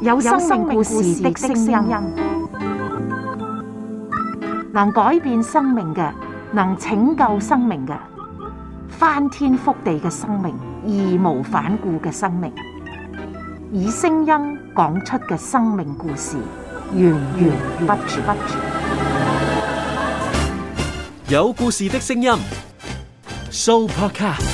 有生命故事的聲音，能改變生命嘅，能拯救生命嘅，翻天覆地嘅生命，義無反顧嘅生命，以聲音講出嘅生命故事，源源不絕。有故事的聲音，Soupercast。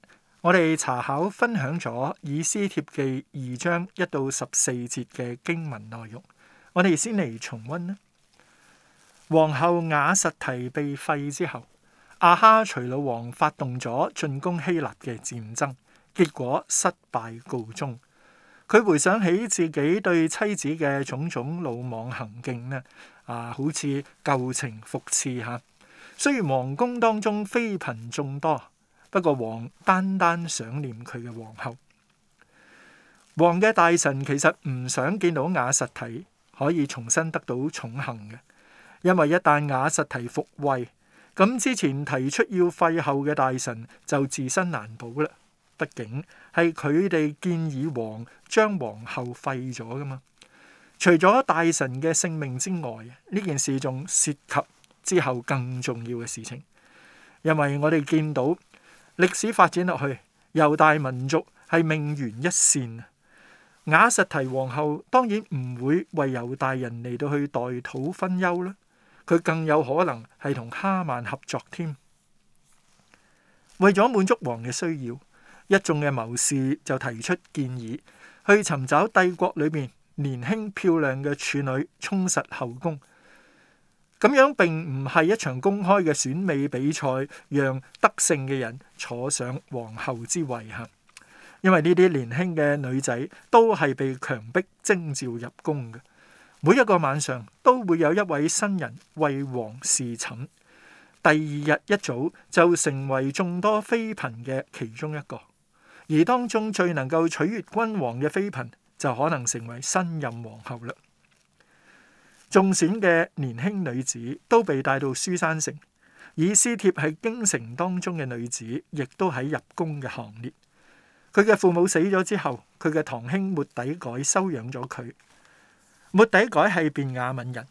我哋查考分享咗《以斯帖記》二章一到十四節嘅經文內容，我哋先嚟重溫啦。皇后雅實提被廢之後，阿哈隨魯王發動咗進攻希臘嘅戰爭，結果失敗告終。佢回想起自己對妻子嘅種種魯莽行徑呢啊，好似舊情復熾吓。雖然皇宮當中妃嬪眾多。不過，王單單想念佢嘅皇后。王嘅大臣其實唔想見到瓦實提可以重新得到寵幸嘅，因為一旦瓦實提復位，咁之前提出要廢后嘅大臣就自身難保啦。畢竟係佢哋建議王將皇后廢咗㗎嘛。除咗大臣嘅性命之外，呢件事仲涉及之後更重要嘅事情，因為我哋見到。歷史發展落去，猶大民族係命懸一線啊！瓦實提皇后當然唔會為猶大人嚟到去代土分憂啦，佢更有可能係同哈曼合作添。為咗滿足王嘅需要，一眾嘅謀士就提出建議，去尋找帝國裏邊年輕漂亮嘅處女充實後宮。咁樣並唔係一場公開嘅選美比賽，讓得勝嘅人坐上皇后之位啊。因為呢啲年輕嘅女仔都係被強迫徵召入宮嘅。每一個晚上都會有一位新人為王侍寢，第二日一早就成為眾多妃嬪嘅其中一個。而當中最能夠取悅君王嘅妃嬪，就可能成為新任皇后啦。中選嘅年輕女子都被帶到書山城。以斯帖係京城當中嘅女子，亦都喺入宮嘅行列。佢嘅父母死咗之後，佢嘅堂兄末底改收養咗佢。末底改係便雅敏人。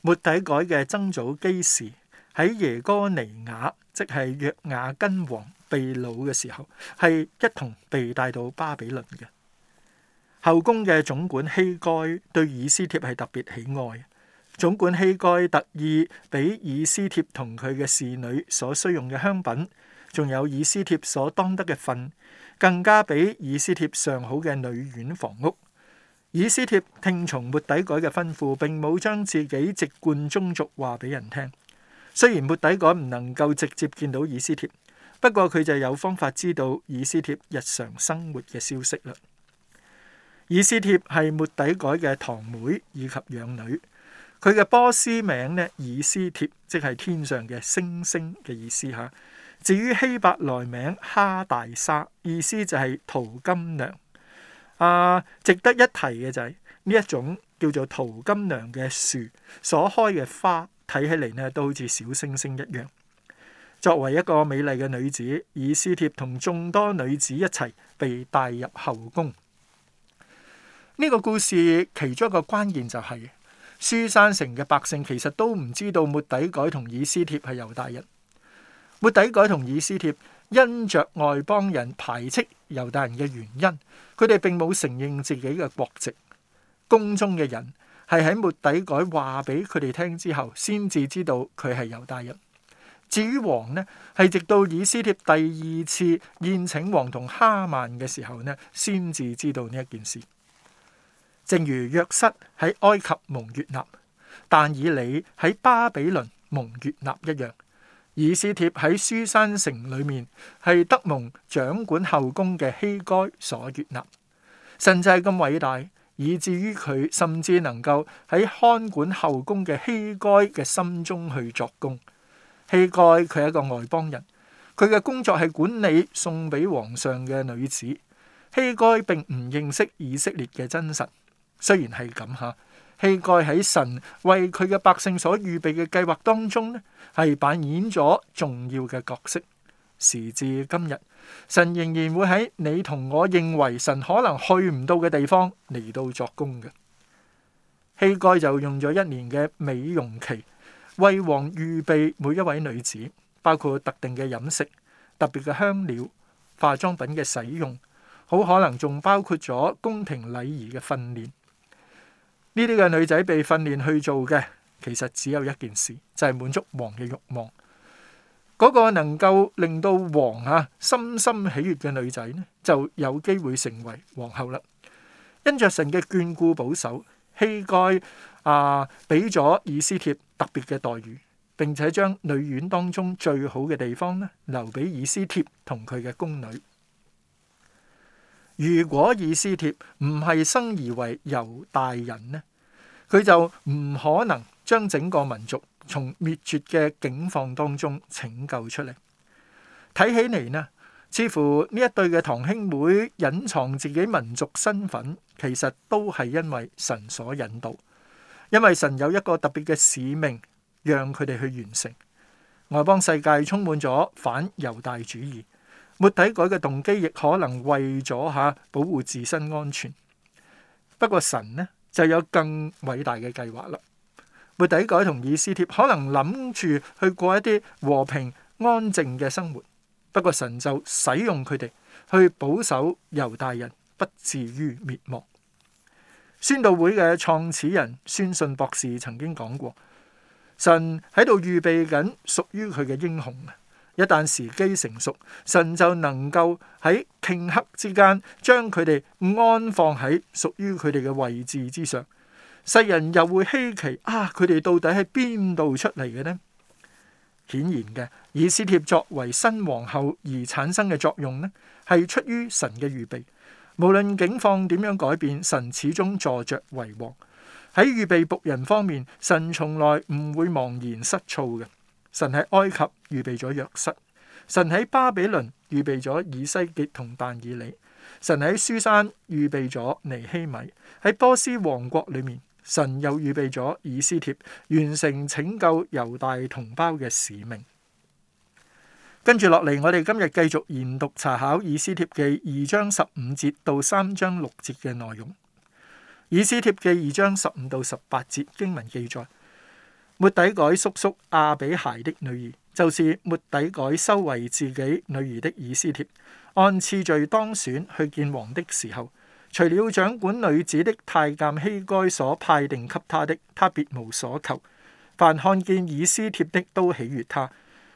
末底改嘅曾祖基士喺耶哥尼雅，即係約雅斤王被擄嘅時候，係一同被帶到巴比倫嘅。後宮嘅總管希該對以斯帖係特別喜愛。總管希蓋特意俾以斯帖同佢嘅侍女所需用嘅香品，仲有以斯帖所當得嘅份，更加俾以斯帖上好嘅女院房屋。以斯帖聽從末底改嘅吩咐，並冇將自己籍貫宗族話俾人聽。雖然末底改唔能夠直接見到以斯帖，不過佢就有方法知道以斯帖日常生活嘅消息啦。以斯帖係末底改嘅堂妹以及養女。佢嘅波斯名呢，以斯帖，即係天上嘅星星嘅意思吓。至於希伯來名哈大沙，意思就係桃金娘。啊，值得一提嘅就係呢一種叫做桃金娘嘅樹所開嘅花，睇起嚟呢都好似小星星一樣。作為一個美麗嘅女子，以斯帖同眾多女子一齊被帶入後宮。呢個故事其中一個關鍵就係。書珊城嘅百姓其實都唔知道末底改同以斯帖係猶大人。末底改同以斯帖因着外邦人排斥猶大人嘅原因，佢哋並冇承認自己嘅國籍。宮中嘅人係喺末底改話俾佢哋聽之後，先至知道佢係猶大人。至於王呢，係直到以斯帖第二次宴請王同哈曼嘅時候呢，先至知道呢一件事。正如約瑟喺埃及蒙月納，但以理喺巴比倫蒙月納一樣。以斯帖喺書山城裏面係德蒙掌管後宮嘅希該所月納。甚至係咁偉大，以至於佢甚至能夠喺看管後宮嘅希該嘅心中去作工。希該佢係一個外邦人，佢嘅工作係管理送俾皇上嘅女子。希該並唔認識以色列嘅真神。雖然係咁吓，希蓋喺神為佢嘅百姓所預備嘅計劃當中咧，係扮演咗重要嘅角色。時至今日，神仍然會喺你同我認為神可能去唔到嘅地方嚟到作工嘅。希蓋就用咗一年嘅美容期，為王預備每一位女子，包括特定嘅飲食、特別嘅香料、化妝品嘅使用，好可能仲包括咗宮廷禮儀嘅訓練。呢啲嘅女仔被訓練去做嘅，其實只有一件事，就係、是、滿足王嘅欲望。嗰、那個能夠令到王啊深深喜悅嘅女仔呢，就有機會成為皇后啦。因着神嘅眷顧保守，希該啊俾咗以斯帖特別嘅待遇，並且將女院當中最好嘅地方呢，留俾以斯帖同佢嘅宮女。如果以斯帖唔係生而為猶大人呢，佢就唔可能將整個民族從滅絕嘅境況當中拯救出嚟。睇起嚟呢，似乎呢一對嘅堂兄妹隱藏自己民族身份，其實都係因為神所引導，因為神有一個特別嘅使命，讓佢哋去完成。外邦世界充滿咗反猶大主義。末底改嘅動機，亦可能為咗吓保護自身安全。不過神呢就有更偉大嘅計劃啦。末底改同以斯帖可能諗住去過一啲和平安靜嘅生活。不過神就使用佢哋去保守猶大人不至於滅亡。宣道會嘅創始人宣信博士曾經講過：「神喺度預備緊屬於佢嘅英雄。」一旦時機成熟，神就能夠喺頃刻之間將佢哋安放喺屬於佢哋嘅位置之上。世人又會稀奇啊！佢哋到底喺邊度出嚟嘅呢？顯然嘅，以斯帖作為新皇后而產生嘅作用呢，係出於神嘅預備。無論境況點樣改變，神始終坐著為王。喺預備僕人方面，神從來唔會茫然失措嘅。神喺埃及預備咗約瑟，神喺巴比倫預備咗以西結同但以理，神喺書山預備咗尼希米，喺波斯王國裏面，神又預備咗以斯帖，完成拯救猶大同胞嘅使命。跟住落嚟，我哋今日繼續研讀查考以《以斯帖記》二章十五節到三章六節嘅內容，《以斯帖記》二章十五到十八節經文記載。抹底改叔叔阿、啊、比孩的女兒，就是抹底改收為自己女兒的以斯帖。按次序當選去見王的時候，除了掌管女子的太監希該所派定給他的，他別無所求。凡看見以斯帖的都喜悅他。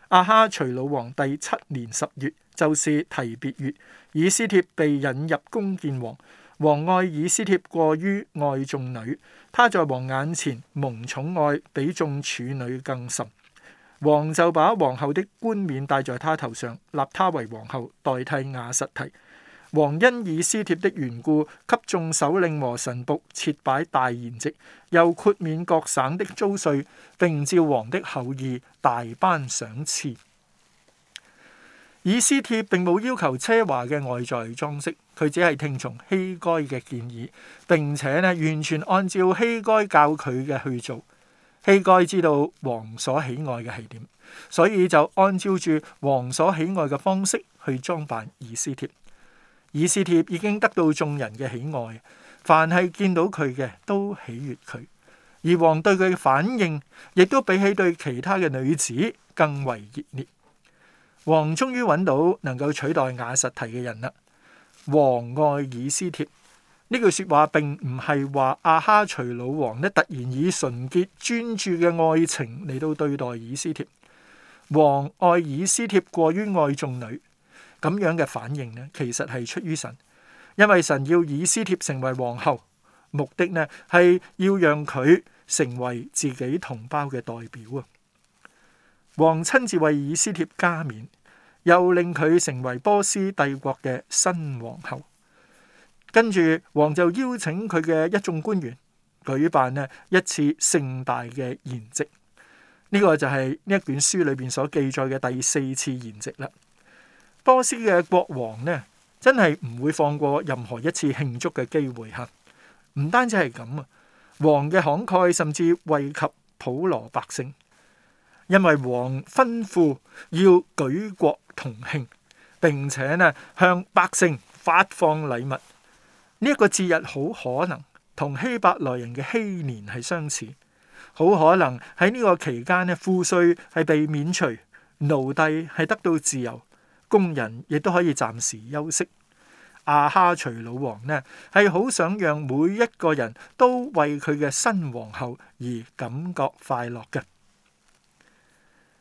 阿、啊、哈隨老王第七年十月，就是提別月，以斯帖被引入宮見王。王愛以斯帖，過於愛眾女。她在王眼前蒙寵愛，比眾處女更甚。王就把王后的冠冕戴在她頭上，立她為皇后，代替瓦實提。王因以斯帖的緣故，給眾首領和臣僕設擺大筵席，又豁免各省的租稅，並照王的厚意大頒賞賜。以斯帖並冇要求奢華嘅外在裝飾，佢只係聽從希該嘅建議，並且咧完全按照希該教佢嘅去做。希該知道王所喜愛嘅係點，所以就按照住王所喜愛嘅方式去裝扮以斯帖。以斯帖已經得到眾人嘅喜愛，凡係見到佢嘅都喜悅佢，而王對佢嘅反應亦都比起對其他嘅女子更為熱烈。王終於揾到能夠取代亞實提嘅人啦！王愛以斯帖呢句說話，並唔係話亞哈隨魯王呢突然以純潔專注嘅愛情嚟到對待以斯帖。王愛以斯帖過於愛眾女咁樣嘅反應呢，其實係出於神，因為神要以斯帖成為皇后，目的呢係要讓佢成為自己同胞嘅代表啊！王親自為以斯帖加冕。又令佢成為波斯帝國嘅新皇后，跟住王就邀請佢嘅一眾官員舉辦咧一次盛大嘅筵席。呢、這個就係呢一本書裏邊所記載嘅第四次筵席啦。波斯嘅國王呢，真係唔會放過任何一次慶祝嘅機會吓。唔單止係咁啊，王嘅慷慨，甚至惠及普羅百姓。因為王吩咐要舉國同慶，並且呢向百姓發放禮物。呢一個節日好可能同希伯來人嘅禧年係相似，好可能喺呢個期間呢，賦稅係被免除，奴隸係得到自由，工人亦都可以暫時休息。亞哈隨魯王呢係好想讓每一個人都為佢嘅新皇后而感覺快樂嘅。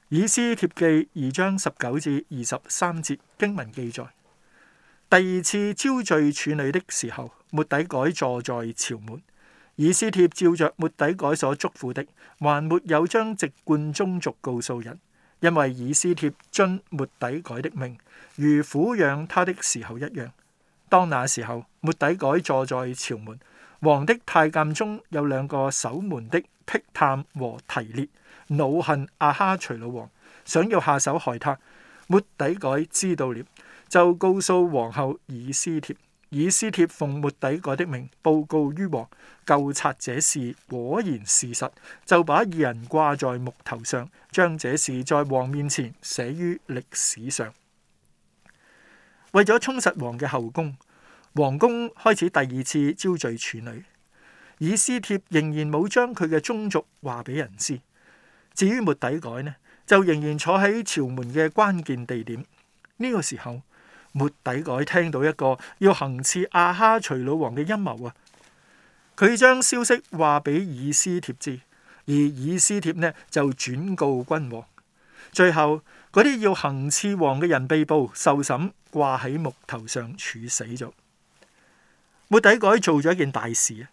以斯帖記二章十九至二十三節經文記載：第二次招聚處女的時候，末底改坐在朝門。以斯帖照着末底改所囑咐的，還沒有將籍貫宗族告訴人，因為以斯帖遵末底改的命，如撫養他的時候一樣。當那時候，末底改坐在朝門，王的太監中有兩個守門的，辟探和提列。惱恨亞哈隨魯王，想要下手害他，末底改知道了，就告訴皇后以斯帖。以斯帖奉末底改的名報告於王，究察這事果然事實，就把二人掛在木頭上，將這事在王面前寫於歷史上。為咗充實王嘅後宮，皇宮開始第二次招聚處女。以斯帖仍然冇將佢嘅宗族話俾人知。至於末底改呢，就仍然坐喺朝門嘅關鍵地點。呢、這個時候，末底改聽到一個要行刺亞、啊、哈隨魯王嘅陰謀啊！佢將消息話俾以斯帖知，而以斯帖呢就轉告君王。最後嗰啲要行刺王嘅人被捕、受審、掛喺木頭上處死咗。末底改做咗一件大事啊！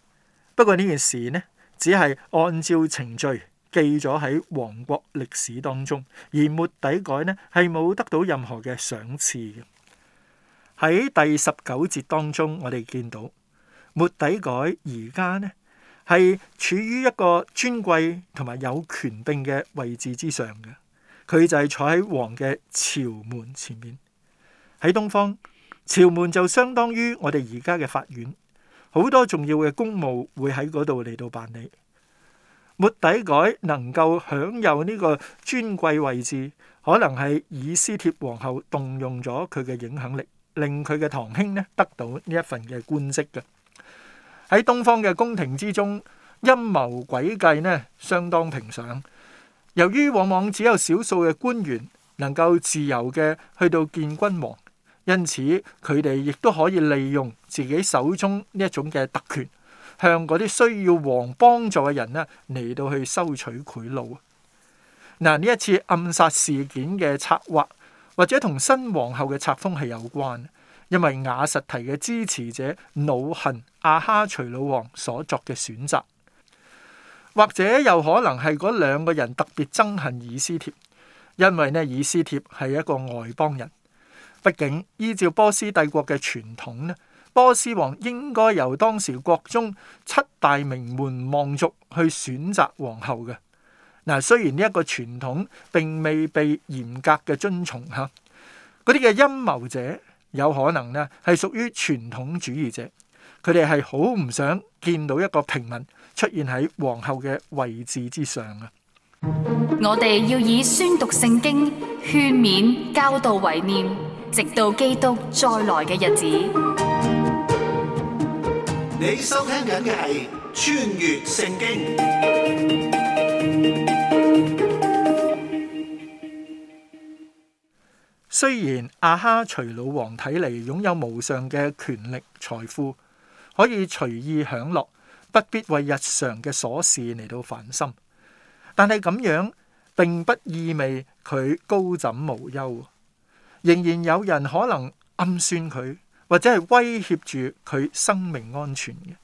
不過呢件事呢，只係按照程序。記咗喺王國歷史當中，而末底改呢係冇得到任何嘅賞賜嘅。喺第十九節當中，我哋見到末底改而家呢係處於一個尊貴同埋有權柄嘅位置之上嘅。佢就係坐喺王嘅朝門前面，喺東方朝門就相當於我哋而家嘅法院，好多重要嘅公務會喺嗰度嚟到辦理。末底改能夠享有呢個尊貴位置，可能係以斯帖皇后動用咗佢嘅影響力，令佢嘅堂兄呢得到呢一份嘅官職嘅。喺東方嘅宮廷之中，陰謀詭計呢相當平常。由於往往只有少數嘅官員能夠自由嘅去到見君王，因此佢哋亦都可以利用自己手中呢一種嘅特權。向嗰啲需要王幫助嘅人呢嚟到去收取賄賂。啊！嗱，呢一次暗殺事件嘅策劃，或者同新皇后嘅冊封係有關，因為瓦實提嘅支持者惱恨阿哈徐老王所作嘅選擇，或者又可能係嗰兩個人特別憎恨以斯帖，因為呢以斯帖係一個外邦人。畢竟依照波斯帝國嘅傳統呢。咧。波斯王應該由當時國中七大名門望族去選擇皇后嘅嗱。雖然呢一個傳統並未被嚴格嘅遵從吓，嗰啲嘅陰謀者有可能咧係屬於傳統主義者，佢哋係好唔想見到一個平民出現喺皇后嘅位置之上啊。我哋要以宣讀聖經、勸勉、教導、為念，直到基督再來嘅日子。你收聽緊嘅係《穿越聖經》。雖然亞哈隨魯王睇嚟擁有無上嘅權力、財富，可以隨意享樂，不必為日常嘅瑣事嚟到煩心，但係咁樣並不意味佢高枕無憂，仍然有人可能暗算佢。或者係威脅住佢生命安全嘅。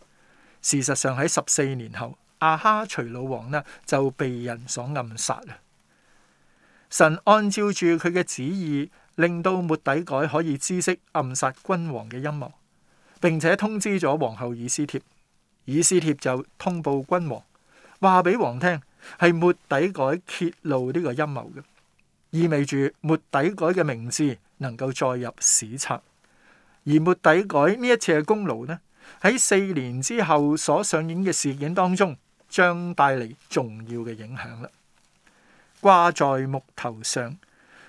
事實上喺十四年後，亞哈隨魯王呢就被人所暗殺啦。神按照住佢嘅旨意，令到末底改可以知識暗殺君王嘅陰謀，並且通知咗皇后以斯帖。以斯帖就通報君王，話俾王聽係末底改揭露呢個陰謀嘅，意味住末底改嘅名字能夠再入史冊。而末底改呢一次嘅功勞呢喺四年之後所上演嘅事件當中，將帶嚟重要嘅影響啦。掛在木頭上，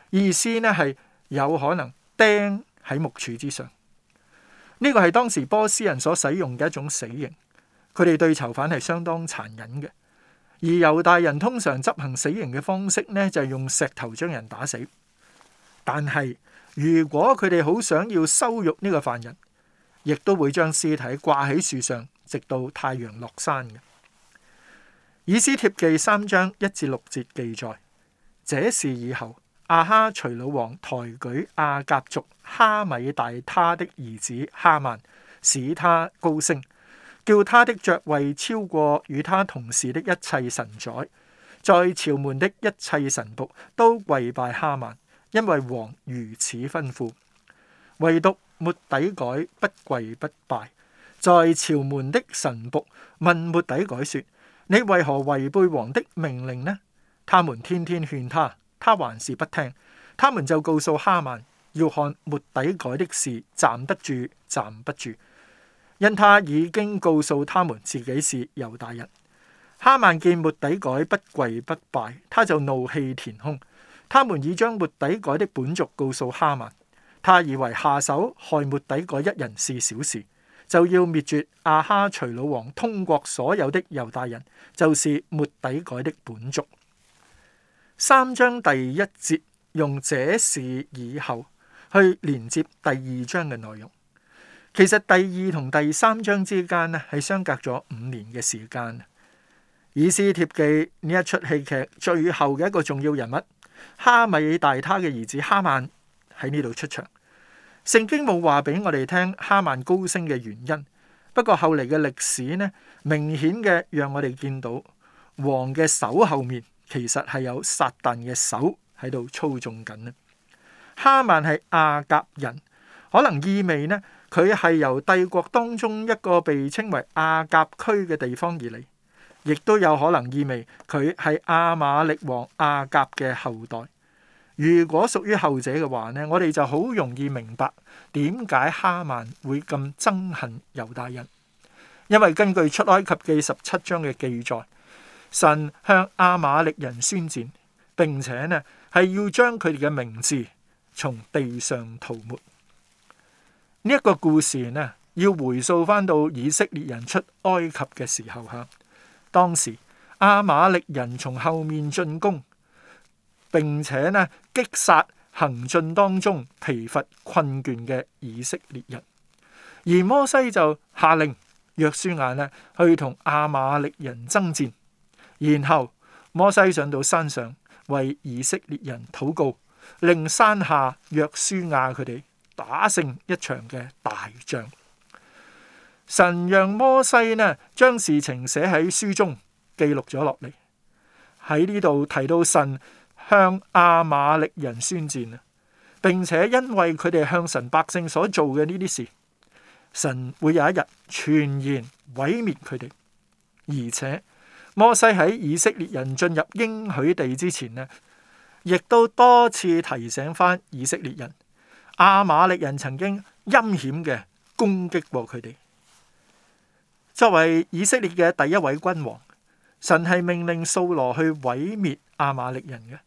意思呢係有可能釘喺木柱之上。呢、這個係當時波斯人所使用嘅一種死刑。佢哋對囚犯係相當殘忍嘅。而猶大人通常執行死刑嘅方式呢，就係、是、用石頭將人打死。但係如果佢哋好想要羞辱呢個犯人，亦都會將屍體掛喺樹上，直到太陽落山嘅。以斯帖記三章一至六節記載，這事以後，亞哈隨魯王抬舉亞甲族哈米大他的兒子哈曼，使他高升，叫他的爵位超過與他同事的一切臣宰，在朝門的一切臣僕都跪拜哈曼。因為王如此吩咐，唯獨末底改不跪不拜。在朝門的臣僕問末底改說：你為何違背王的命令呢？他們天天勸他，他還是不聽。他們就告訴哈曼，要看末底改的事站得住站不住，因他已經告訴他們自己是猶大人。哈曼見末底改不跪不拜，他就怒氣填胸。他們已將末底改的本族告訴哈曼，他以為下手害末底改一人是小事，就要滅絕亞哈隨魯王通國所有的猶大人，就是末底改的本族。三章第一節用這事以後去連接第二章嘅內容。其實第二同第三章之間呢係相隔咗五年嘅時間。以斯帖記呢一出戲劇最後嘅一個重要人物。哈米大他嘅兒子哈曼喺呢度出場，聖經冇話俾我哋聽哈曼高升嘅原因，不過後嚟嘅歷史呢，明顯嘅讓我哋見到王嘅手後面其實係有撒旦嘅手喺度操縱緊啊！哈曼係亞甲人，可能意味呢佢係由帝國當中一個被稱為亞甲區嘅地方而嚟。亦都有可能意味佢係亞瑪力王亞甲嘅後代。如果屬於後者嘅話呢，我哋就好容易明白點解哈曼會咁憎恨猶大人，因為根據出埃及記十七章嘅記載，神向亞瑪力人宣戰，並且呢係要將佢哋嘅名字從地上塗抹。呢、這、一個故事呢，要回溯翻到以色列人出埃及嘅時候嚇。當時亞瑪力人從後面進攻，並且呢擊殺行進當中疲乏困倦嘅以色列人，而摩西就下令約書亞呢去同亞瑪力人爭戰，然後摩西上到山上為以色列人禱告，令山下約書亞佢哋打勝一場嘅大仗。神讓摩西呢將事情寫喺書中記錄咗落嚟。喺呢度提到神向阿瑪力人宣戰啊，並且因為佢哋向神百姓所做嘅呢啲事，神會有一日全然毀滅佢哋。而且摩西喺以色列人進入應許地之前呢，亦都多次提醒翻以色列人，阿瑪力人曾經陰險嘅攻擊過佢哋。作為以色列嘅第一位君王，神係命令掃羅去毀滅亞瑪力人嘅。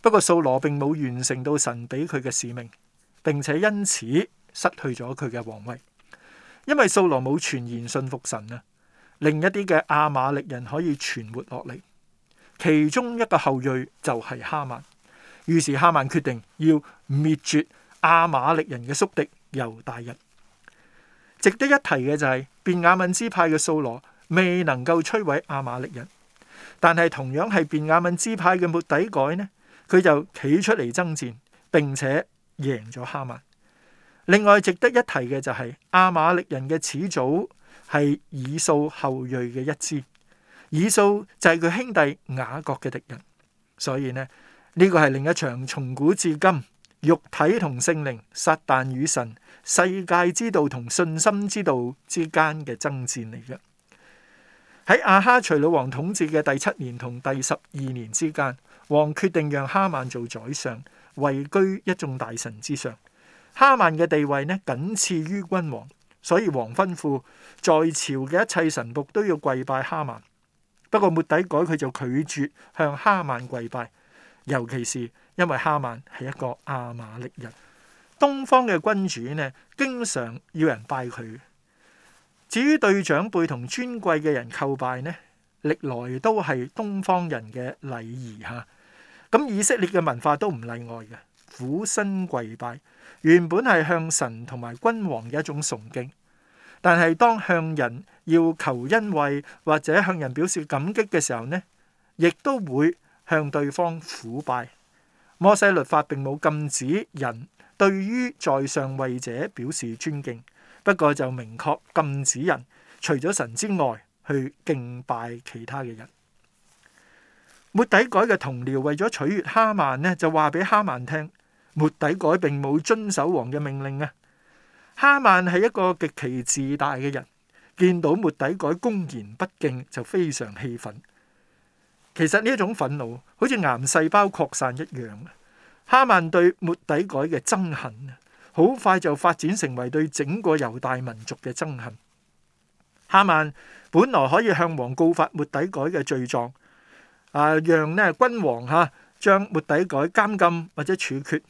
不過掃羅並冇完成到神俾佢嘅使命，並且因此失去咗佢嘅皇位，因為掃羅冇全然信服神啊。另一啲嘅亞瑪力人可以存活落嚟，其中一個後裔就係哈曼。於是哈曼決定要滅絕亞瑪力人嘅宿敵猶大人。值得一提嘅就係、是、便雅敏支派嘅掃羅未能夠摧毀亞瑪力人，但係同樣係便雅敏支派嘅末底改呢，佢就企出嚟爭戰並且贏咗哈曼。另外值得一提嘅就係亞瑪力人嘅始祖係以掃後裔嘅一支，以掃就係佢兄弟雅各嘅敵人，所以呢呢、這個係另一場從古至今肉體同聖靈撒旦與神世界之道同信心之道之間嘅爭戰嚟嘅。喺亞哈隨魯王統治嘅第七年同第十二年之間，王決定讓哈曼做宰相，位居一眾大臣之上。哈曼嘅地位呢，僅次於君王，所以王吩咐在朝嘅一切臣僕都要跪拜哈曼。不過末底改佢就拒絕向哈曼跪拜，尤其是因為哈曼係一個阿瑪力人。東方嘅君主呢，經常要人拜佢。至於對長輩同尊貴嘅人叩拜呢，歷來都係東方人嘅禮儀吓。咁、啊、以色列嘅文化都唔例外嘅，俯身跪拜，原本係向神同埋君王嘅一種崇敬。但係當向人要求恩惠或者向人表示感激嘅時候呢，亦都會向對方俯拜。摩西律法并冇禁止人。對於在上位者表示尊敬，不過就明確禁止人除咗神之外去敬拜其他嘅人。末底改嘅同僚為咗取悦哈曼呢，就話俾哈曼聽，末底改並冇遵守王嘅命令啊！哈曼係一個極其自大嘅人，見到末底改公然不敬就非常氣憤。其實呢一種憤怒好似癌細胞擴散一樣。哈曼對末底改嘅憎恨，好快就發展成為對整個猶大民族嘅憎恨。哈曼本來可以向王告發末底改嘅罪狀，啊，讓呢君王吓將末底改監禁或者處決。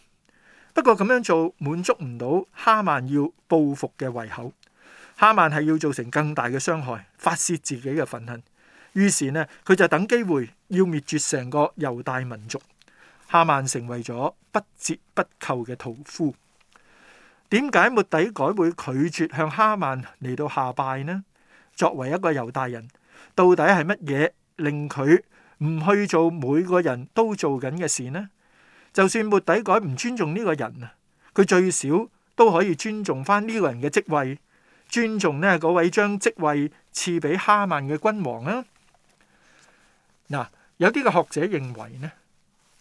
不過咁樣做滿足唔到哈曼要報復嘅胃口。哈曼係要造成更大嘅傷害，發泄自己嘅憤恨。於是呢，佢就等機會要滅絕成個猶大民族。哈曼成為咗不折不扣嘅屠夫。點解末底改會拒絕向哈曼嚟到下拜呢？作為一個猶大人，到底係乜嘢令佢唔去做每個人都做緊嘅事呢？就算末底改唔尊重呢個人啊，佢最少都可以尊重翻呢個人嘅職位，尊重呢位將職位賜俾哈曼嘅君王啊！嗱，有啲嘅學者認為呢？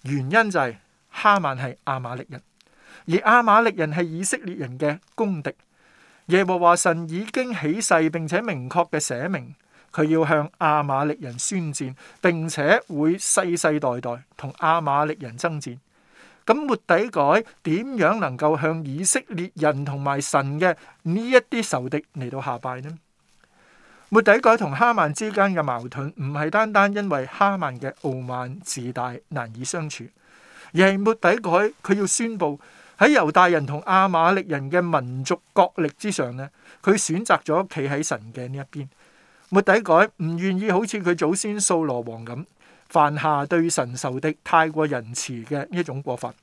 原因就係哈曼係亞瑪力人，而亞瑪力人係以色列人嘅公敵。耶和華神已經起誓，並且明確嘅寫明，佢要向亞瑪力人宣戰，並且會世世代代同亞瑪力人爭戰。咁末底改點樣能夠向以色列人同埋神嘅呢一啲仇敵嚟到下拜呢？末底改同哈曼之間嘅矛盾唔係單單因為哈曼嘅傲慢自大難以相處，而係末底改佢要宣佈喺猶大人同亞瑪力人嘅民族角力之上咧，佢選擇咗企喺神嘅呢一邊。末底改唔願意好似佢祖先掃羅王咁犯下對神仇敵太過仁慈嘅呢一種過犯。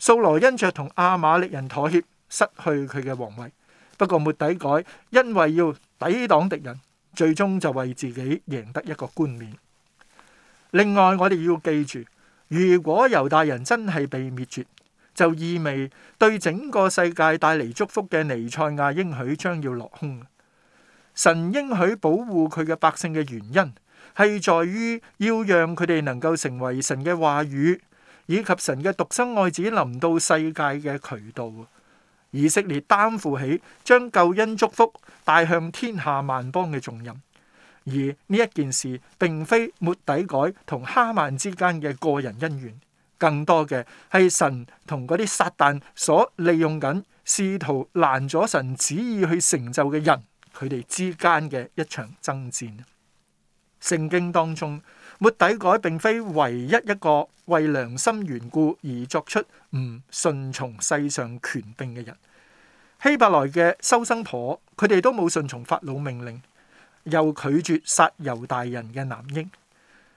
掃羅因着同亞瑪力人妥協，失去佢嘅皇位。不過末底改因為要抵擋敵人。最終就為自己贏得一個冠冕。另外，我哋要記住，如果猶大人真係被滅絕，就意味對整個世界帶嚟祝福嘅尼賽亞應許將要落空。神應許保護佢嘅百姓嘅原因，係在於要讓佢哋能夠成為神嘅話語，以及神嘅獨生愛子臨到世界嘅渠道。以色列擔負起將救恩祝福帶向天下萬邦嘅重任，而呢一件事並非抹底改同哈曼之間嘅個人恩怨，更多嘅係神同嗰啲撒旦所利用緊，試圖攔咗神旨意去成就嘅人，佢哋之間嘅一場爭戰。聖經當中，抹底改並非唯一一個為良心緣故而作出唔順從世上權柄嘅人。希伯來嘅收生婆，佢哋都冇順從法老命令，又拒絕殺猶大人嘅男嬰。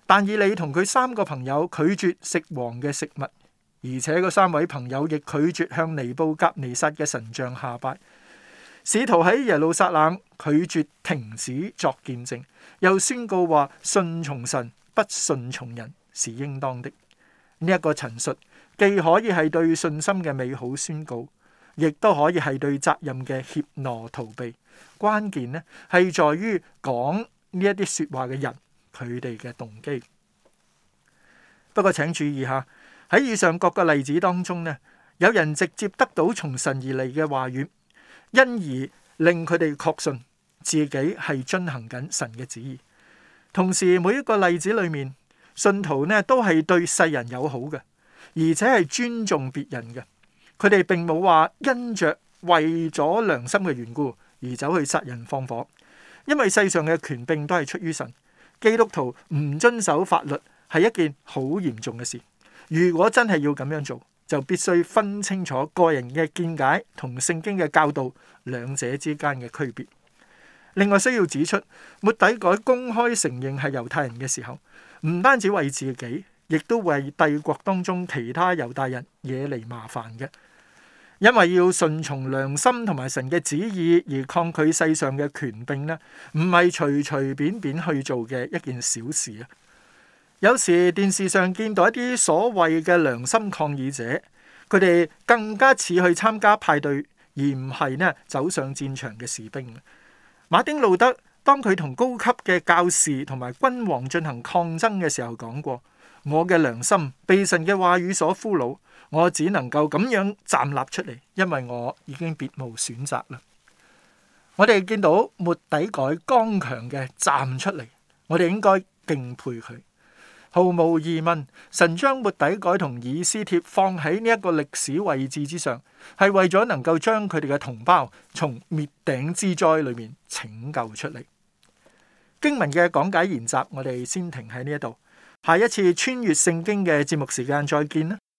但以理同佢三個朋友拒絕食王嘅食物，而且個三位朋友亦拒絕向尼布甲尼撒嘅神像下拜。使徒喺耶路撒冷拒絕停止作見證，又宣告話：順從神，不順從人是應當的。呢、這、一個陳述既可以係對信心嘅美好宣告。亦都可以係對責任嘅怯懦逃避。關鍵呢係在於講呢一啲説話嘅人，佢哋嘅動機。不過請注意嚇，喺以上各個例子當中呢，有人直接得到從神而嚟嘅話語，因而令佢哋確信自己係遵行緊神嘅旨意。同時每一個例子裏面，信徒呢都係對世人友好嘅，而且係尊重別人嘅。佢哋並冇話因着為咗良心嘅緣故而走去殺人放火，因為世上嘅權柄都係出於神。基督徒唔遵守法律係一件好嚴重嘅事。如果真係要咁樣做，就必須分清楚個人嘅見解同聖經嘅教導兩者之間嘅區別。另外需要指出，末底改公開承認係猶太人嘅時候，唔單止為自己，亦都為帝國當中其他猶太人惹嚟麻煩嘅。因為要順從良心同埋神嘅旨意而抗拒世上嘅權柄呢，唔係隨隨便便去做嘅一件小事啊！有時電視上見到一啲所謂嘅良心抗議者，佢哋更加似去參加派對，而唔係咧走上戰場嘅士兵。馬丁路德當佢同高級嘅教士同埋君王進行抗爭嘅時候講過：「我嘅良心被神嘅話語所俘虜。」我只能夠咁樣站立出嚟，因為我已經別無選擇啦。我哋見到末底改剛強嘅站出嚟，我哋應該敬佩佢。毫無疑問，神將末底改同以斯帖放喺呢一個歷史位置之上，係為咗能夠將佢哋嘅同胞從滅頂之災裏面拯救出嚟。經文嘅講解研習，我哋先停喺呢一度。下一次穿越聖經嘅節目時間再見啦。